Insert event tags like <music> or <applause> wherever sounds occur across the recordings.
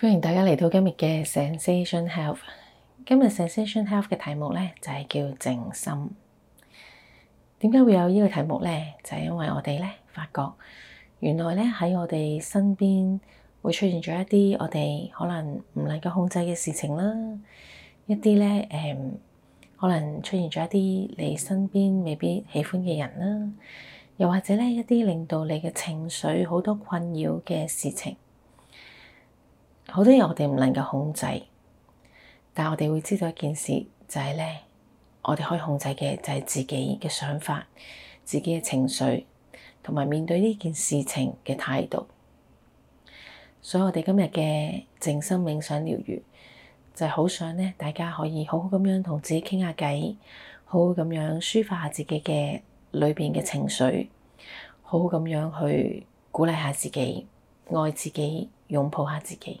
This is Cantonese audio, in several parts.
歡迎大家嚟到今日嘅 Zensation Health。今日 Zensation Health 嘅題目咧就係叫靜心。點解會有呢個題目咧？就係因為我哋咧發覺，原來咧喺我哋身邊會出現咗一啲我哋可能唔能夠控制嘅事情啦，一啲咧誒，可能出現咗一啲你身邊未必喜歡嘅人啦，又或者咧一啲令到你嘅情緒好多困擾嘅事情。好多嘢我哋唔能夠控制，但係我哋會知道一件事，就係咧，我哋可以控制嘅就係自己嘅想法、自己嘅情緒，同埋面對呢件事情嘅態度。所以，我哋今日嘅靜心冥想療愈，就係好想咧，大家可以好好咁樣同自己傾下偈，好好咁樣抒發下自己嘅裏邊嘅情緒，好好咁樣去鼓勵下自己，愛自己，擁抱下自己。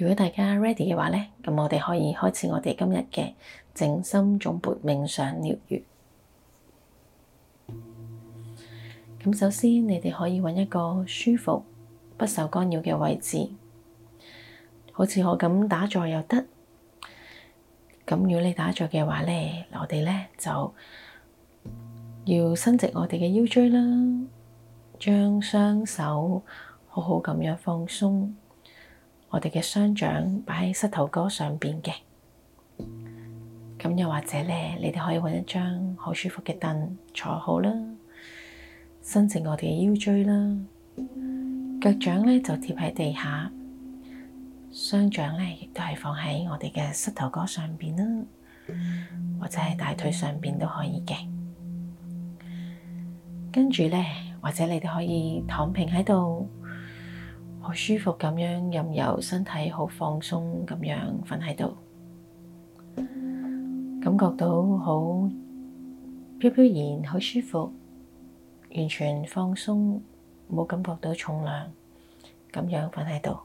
如果大家 ready 嘅話咧，咁我哋可以開始我哋今日嘅靜心頌缽冥想療愈。咁首先，你哋可以揾一個舒服、不受干擾嘅位置，好似我咁打坐又得。咁如果你打坐嘅話咧，我哋咧就要伸直我哋嘅腰椎啦，將雙手好好咁樣放鬆。我哋嘅雙掌擺喺膝頭哥上邊嘅，咁又或者咧，你哋可以揾一張好舒服嘅凳坐好啦，伸直我哋嘅腰椎啦，腳掌咧就貼喺地下，雙掌咧亦都係放喺我哋嘅膝頭哥上邊啦，或者喺大腿上邊都可以嘅。跟住咧，或者你哋可以躺平喺度。好舒服咁樣，任由身體好放鬆咁樣瞓喺度，感覺到好飄飄然，好舒服，完全放鬆，冇感覺到重量，咁樣瞓喺度。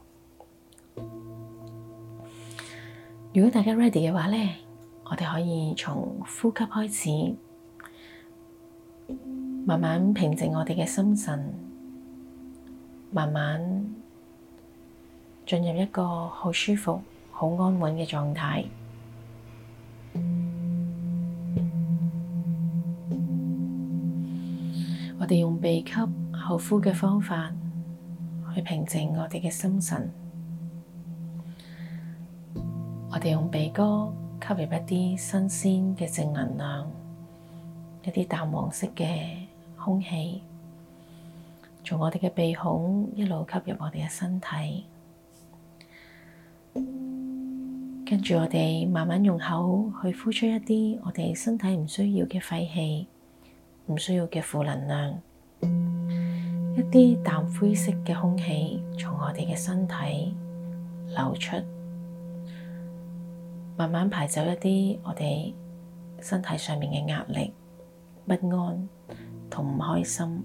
如果大家 ready 嘅話咧，我哋可以從呼吸開始，慢慢平靜我哋嘅心神，慢慢。進入一個好舒服、好安穩嘅狀態。 <noise> 我哋用鼻吸、口呼嘅方法去平靜我哋嘅心神。 <noise> 我哋用鼻哥吸入一啲新鮮嘅正能量，一啲淡黃色嘅空氣，從我哋嘅鼻孔一路吸入我哋嘅身體。跟住我哋慢慢用口去呼出一啲我哋身體唔需要嘅廢氣，唔需要嘅負能量，一啲淡灰色嘅空氣從我哋嘅身體流出，慢慢排走一啲我哋身體上面嘅壓力、不安同唔開心，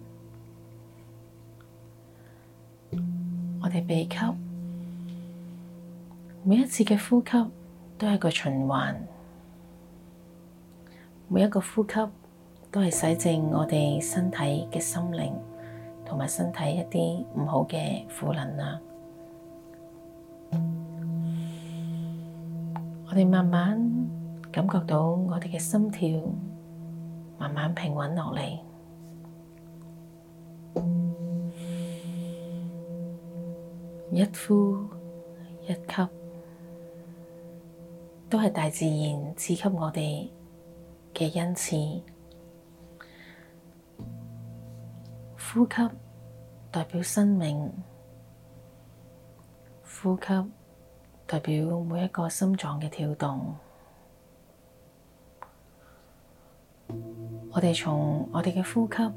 我哋鼻吸。每一次嘅呼吸都係個循環，每一個呼吸都係洗淨我哋身體嘅心靈同埋身體一啲唔好嘅負能量。我哋慢慢感覺到我哋嘅心跳慢慢平穩落嚟，一呼一吸。都係大自然賜給我哋嘅恩賜。呼吸代表生命，呼吸代表每一個心臟嘅跳動。我哋從我哋嘅呼吸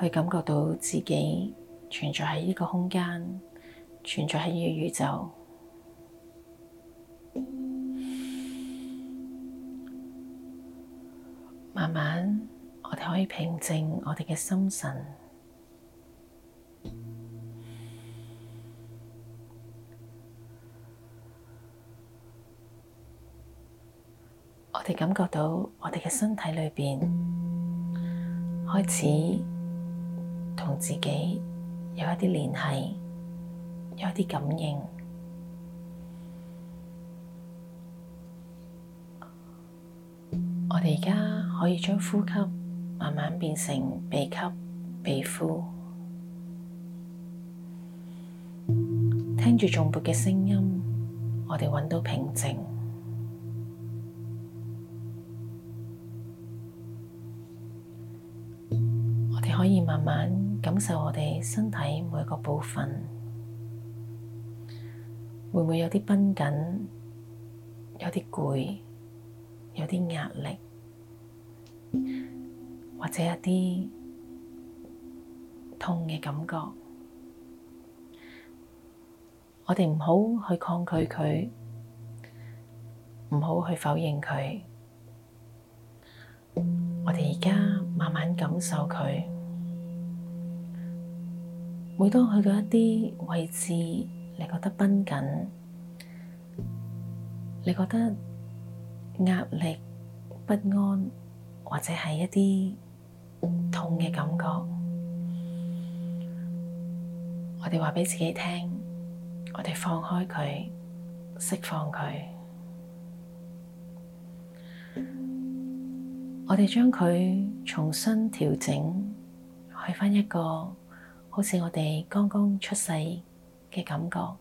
去感覺到自己存在喺呢個空間，存在喺呢個宇宙，去平靜我哋嘅心神，我哋感覺到我哋嘅身體裏邊開始同自己有一啲聯繫，有一啲感應。我哋而家可以將呼吸。慢慢變成鼻吸鼻呼，聽住頌缽嘅聲音，我哋揾到平靜。我哋可以慢慢感受我哋身體每個部分，會唔會有啲繃緊，有啲攰，有啲壓力？或者一啲痛嘅感覺，我哋唔好去抗拒佢，唔好去否認佢。我哋而家慢慢感受佢。每當去到一啲位置，你覺得繃緊，你覺得壓力、不安，或者係一啲……痛嘅感覺，我哋話畀自己聽，我哋放開佢，釋放佢，我哋將佢重新調整，去返一個好似我哋剛剛出世嘅感覺，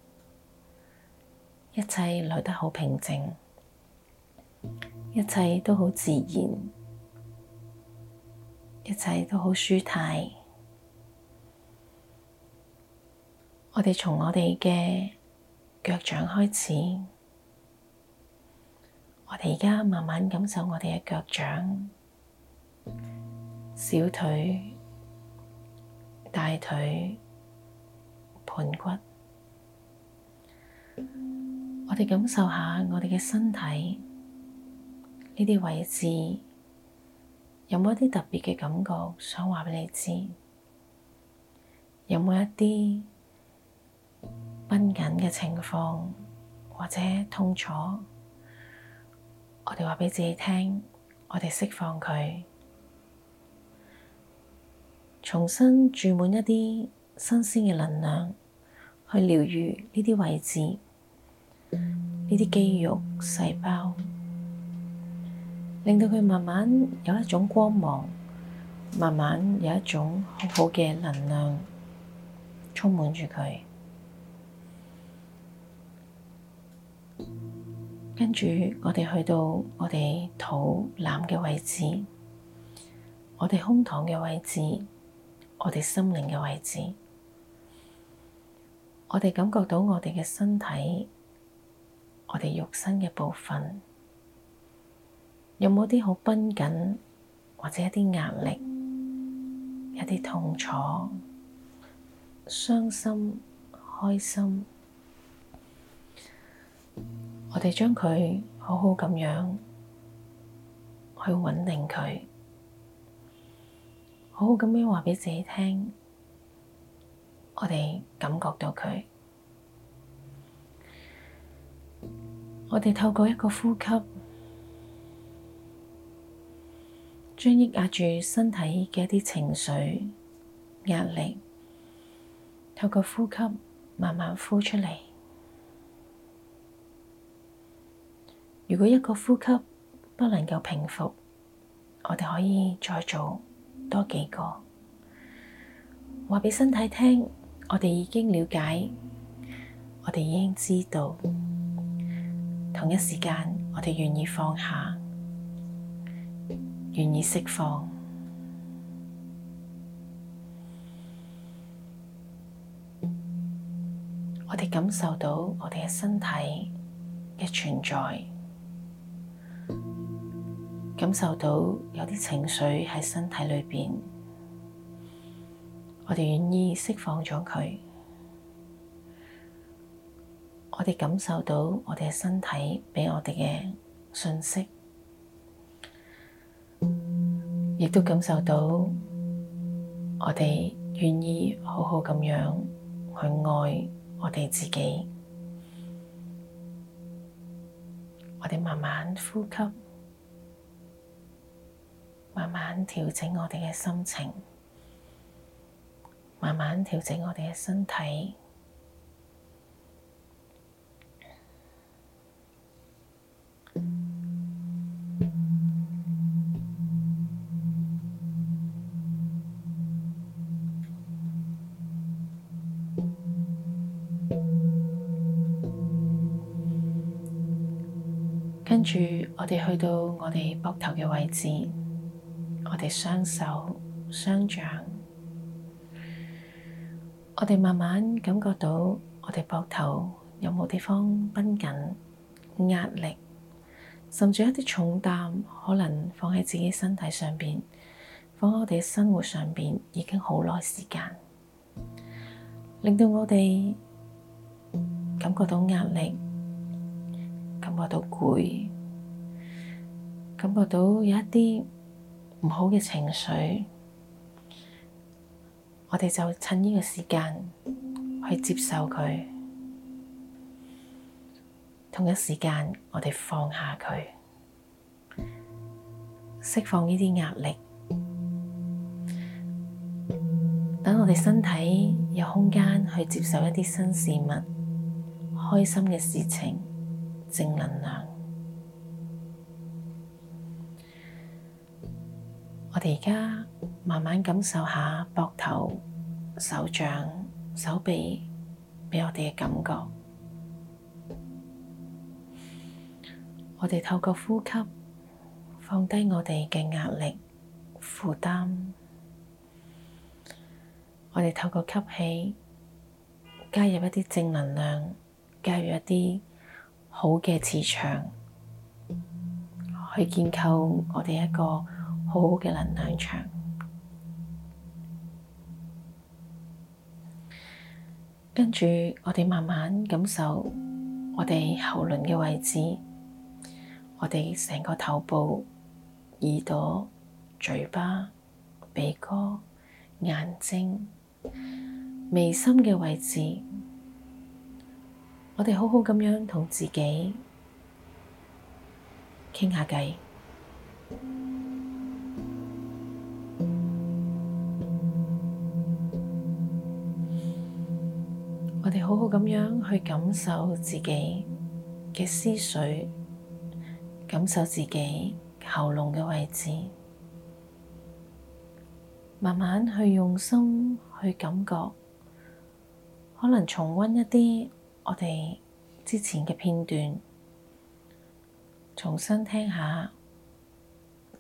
一切來得好平靜，一切都好自然。一切都好舒泰。我哋從我哋嘅腳掌開始，我哋而家慢慢感受我哋嘅腳掌、小腿、大腿、盤骨。我哋感受下我哋嘅身體呢啲位置。有冇一啲特別嘅感覺想話畀你知？有冇一啲繃緊嘅情況或者痛楚？我哋話畀自己聽，我哋釋放佢，重新注滿一啲新鮮嘅能量，去療愈呢啲位置，呢啲肌肉細胞。令到佢慢慢有一種光芒，慢慢有一種好好嘅能量充滿住佢。跟住我哋去到我哋肚腩嘅位置，我哋胸膛嘅位置，我哋心靈嘅位置，我哋感覺到我哋嘅身體，我哋肉身嘅部分。有冇啲好繃緊，或者一啲壓力、一啲痛楚、傷心、開心？我哋將佢好好咁樣去穩定佢，好好咁樣話畀自己聽。我哋感覺到佢，我哋透過一個呼吸。將抑壓住身體嘅一啲情緒壓力，透過呼吸慢慢呼出嚟。如果一個呼吸不能夠平復，我哋可以再做多幾個。話俾身體聽，我哋已經了解，我哋已經知道。同一時間，我哋願意放下。願意釋放，我哋感受到我哋嘅身體嘅存在，感受到有啲情緒喺身體裏面，我哋願意釋放咗佢。我哋感受到我哋嘅身體畀我哋嘅信息。亦都感受到，我哋願意好好咁樣去愛我哋自己。我哋慢慢呼吸，慢慢調整我哋嘅心情，慢慢調整我哋嘅身體。嗯住我哋去到我哋膊頭嘅位置，我哋雙手雙掌，我哋慢慢感覺到我哋膊頭有冇地方繃緊、壓力，甚至一啲重擔可能放喺自己身體上邊，放喺我哋生活上邊已經好耐時間，令到我哋感覺到壓力，感覺到攰。感覺到有一啲唔好嘅情緒，我哋就趁呢個時間去接受佢，同一時間我哋放下佢，釋放呢啲壓力，等我哋身體有空間去接受一啲新事物、開心嘅事情、正能量。我哋而家慢慢感受下膊頭、手掌、手臂畀我哋嘅感覺。我哋透過呼吸放低我哋嘅壓力負擔。我哋透過吸氣加入一啲正能量，加入一啲好嘅磁場，去建構我哋一個。好好嘅能量場，跟住我哋慢慢感受我哋喉輪嘅位置，我哋成個頭部、耳朵、嘴巴、鼻哥、眼睛、眉心嘅位置，我哋好好咁樣同自己傾下偈。聊聊好好咁樣去感受自己嘅思緒，感受自己喉嚨嘅位置，慢慢去用心去感覺，可能重溫一啲我哋之前嘅片段，重新聽下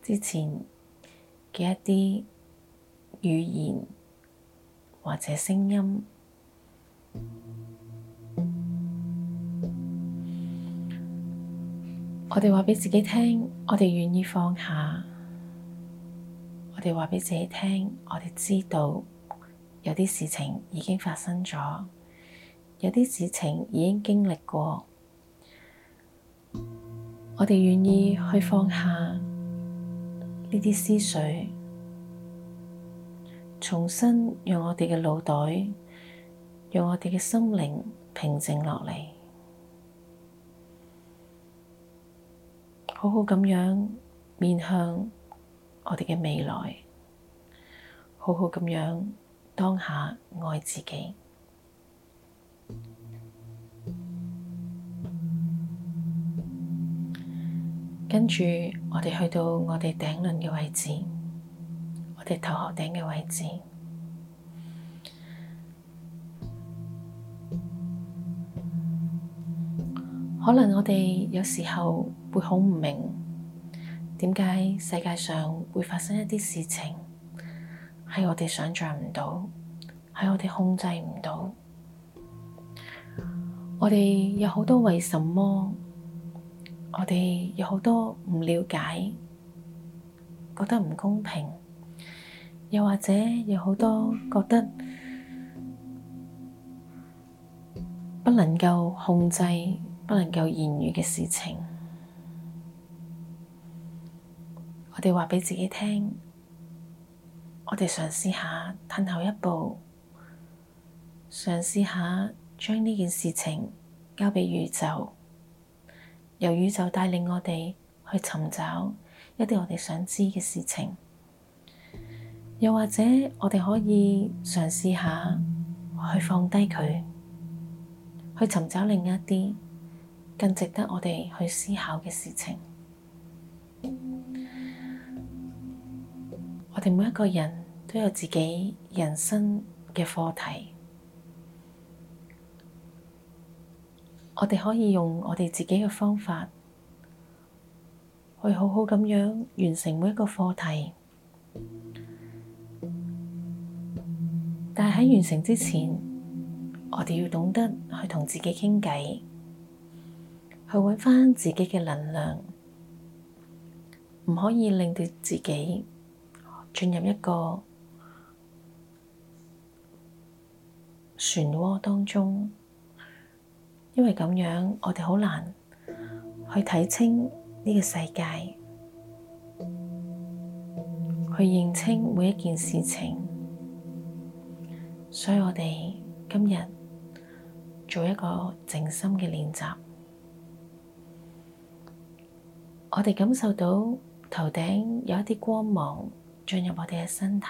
之前嘅一啲語言或者聲音。我哋話畀自己聽，我哋願意放下；我哋話畀自己聽，我哋知道有啲事情已經發生咗，有啲事情已經經歷過。我哋願意去放下呢啲思緒，重新讓我哋嘅腦袋，讓我哋嘅心靈平靜落嚟。好好咁樣面向我哋嘅未來，好好咁樣當下愛自己。跟住我哋去到我哋頂輪嘅位置，我哋頭殼頂嘅位置。可能我哋有時候會好唔明，點解世界上會發生一啲事情，係我哋想象唔到，係我哋控制唔到。我哋有好多為什麼，我哋有好多唔了解，覺得唔公平，又或者有好多覺得不能夠控制，不能夠言語嘅事情，我哋話畀自己聽，我哋嘗試下退後一步，嘗試下將呢件事情交畀宇宙，由宇宙帶領我哋去尋找一啲我哋想知嘅事情。又或者，我哋可以嘗試下去放低佢，去尋找另一啲。更值得我哋去思考嘅事情。我哋每一個人都有自己人生嘅課題，我哋可以用我哋自己嘅方法去好好咁樣完成每一個課題。但係喺完成之前，我哋要懂得去同自己傾偈。去揾翻自己嘅能量，唔可以令到自己進入一個漩渦當中，因為咁樣我哋好難去睇清呢個世界，去認清每一件事情。所以我哋今日做一個靜心嘅練習。我哋感受到頭頂有一啲光芒進入我哋嘅身體，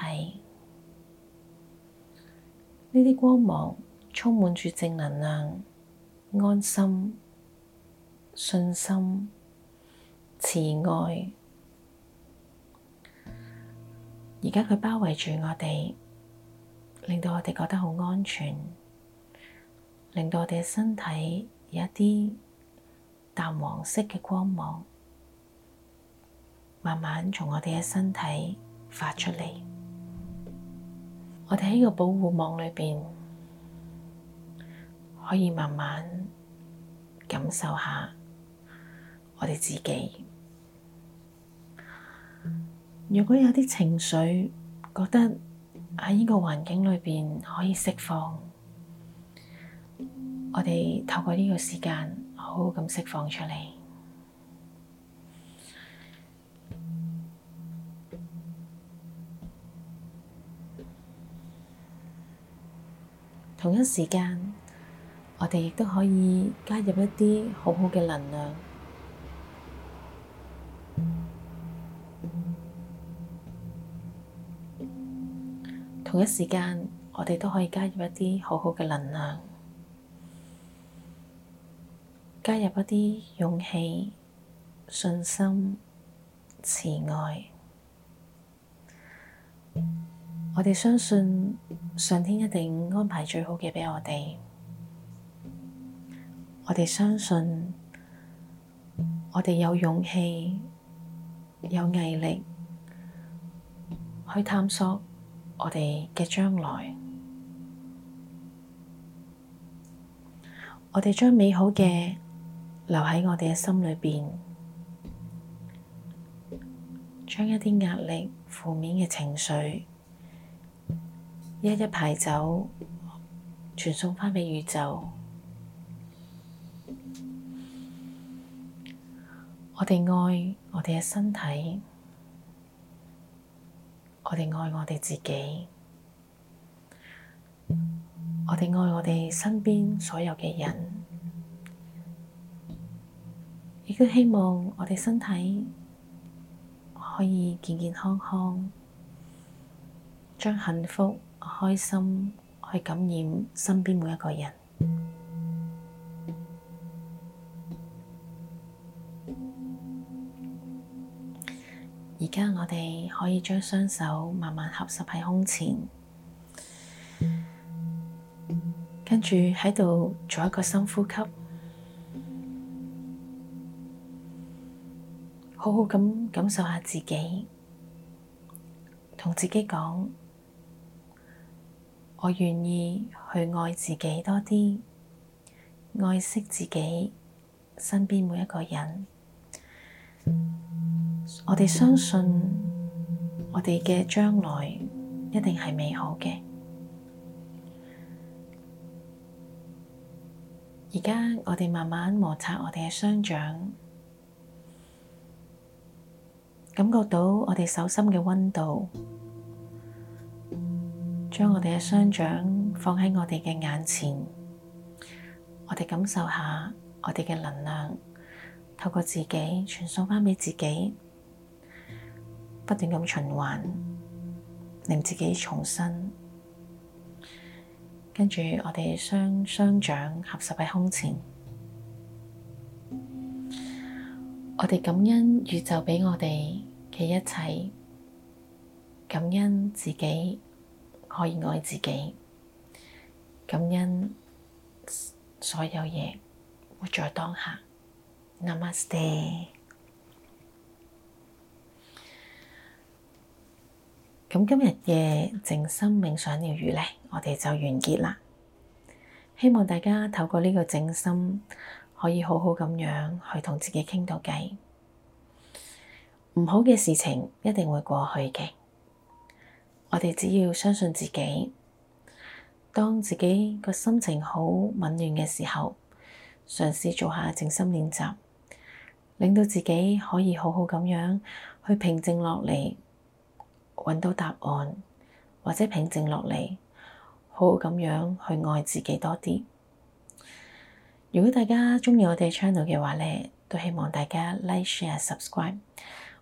呢啲光芒充滿住正能量、安心、信心、慈愛。而家佢包圍住我哋，令到我哋覺得好安全，令到我哋嘅身體有一啲淡黃色嘅光芒。慢慢從我哋嘅身體發出嚟，我哋喺呢個保護網裏邊，可以慢慢感受下我哋自己。如果有啲情緒，覺得喺呢個環境裏邊可以釋放，我哋透過呢個時間，好好咁釋放出嚟。同一時間，我哋亦都可以加入一啲好好嘅能量。同一時間，我哋都可以加入一啲好好嘅能量，加入一啲勇氣、信心、慈愛。我哋相信上天一定安排最好嘅畀我哋。我哋相信，我哋有勇氣、有毅力去探索我哋嘅將來。我哋將美好嘅留喺我哋嘅心裏面，將一啲壓力、負面嘅情緒。一一排走，傳送返畀宇宙。我哋愛我哋嘅身體，我哋愛我哋自己，我哋愛我哋身邊所有嘅人，亦都希望我哋身體可以健健康康，將幸福。開心去感染身邊每一個人。而家我哋可以將雙手慢慢合十喺胸前，跟住喺度做一個深呼吸，好好咁感受下自己，同自己講。我願意去愛自己多啲，愛惜自己身邊每一個人。我哋相信我哋嘅將來一定係美好嘅。而家我哋慢慢摩擦我哋嘅雙掌，感覺到我哋手心嘅溫度。將我哋嘅雙掌放喺我哋嘅眼前，我哋感受下我哋嘅能量，透過自己傳送翻畀自己，不斷咁循環，令自己重生。跟住我哋將雙掌合十喺胸前，我哋感恩宇宙畀我哋嘅一切，感恩自己。可以愛自己，感恩所有嘢，活在當下。Namaste。咁今日嘅靜心冥想療癒呢，我哋就完結啦。希望大家透過呢個靜心，可以好好咁樣去同自己傾到偈。唔好嘅事情一定會過去嘅。我哋只要相信自己，當自己個心情好紊亂嘅時候，嘗試做下靜心練習，令到自己可以好好咁樣去平靜落嚟，搵到答案，或者平靜落嚟，好好咁樣去愛自己多啲。如果大家鍾意我哋 channel 嘅話咧，都希望大家 like、share、subscribe。